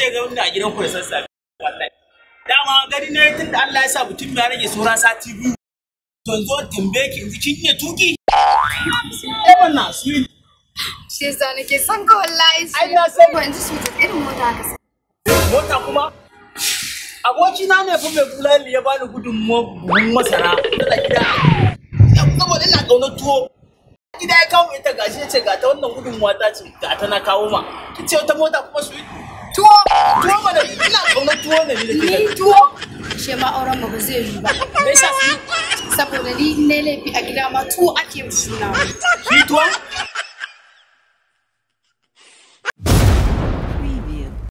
je ga wanda a gidan ku da sassafe wallahi dama gani ne tunda Allah ya sa mutum ya rage sauran sati biyu to yanzu tambaye ki yanzu kin iya tuki eh wannan sweet shi yasa nake son ka wallahi ai na san ban ji su irin mota ka mota kuma abokina ne fa mai bulali ya bani gudun gudunmuwan masara da gida saboda na ƙaunar tuwo gida ya kawo ita gashi ya ce ga ta wannan gudunmuwa ta ce ga ta na kawo ma ki ce wata mota kuma su tuwo da ni da Ni tuwo? Ashe ma auren mu ba zai yi ba. Me yasa? Saboda ni ne laifi a gida ma tuwo ake mu suna. Ni tuwo?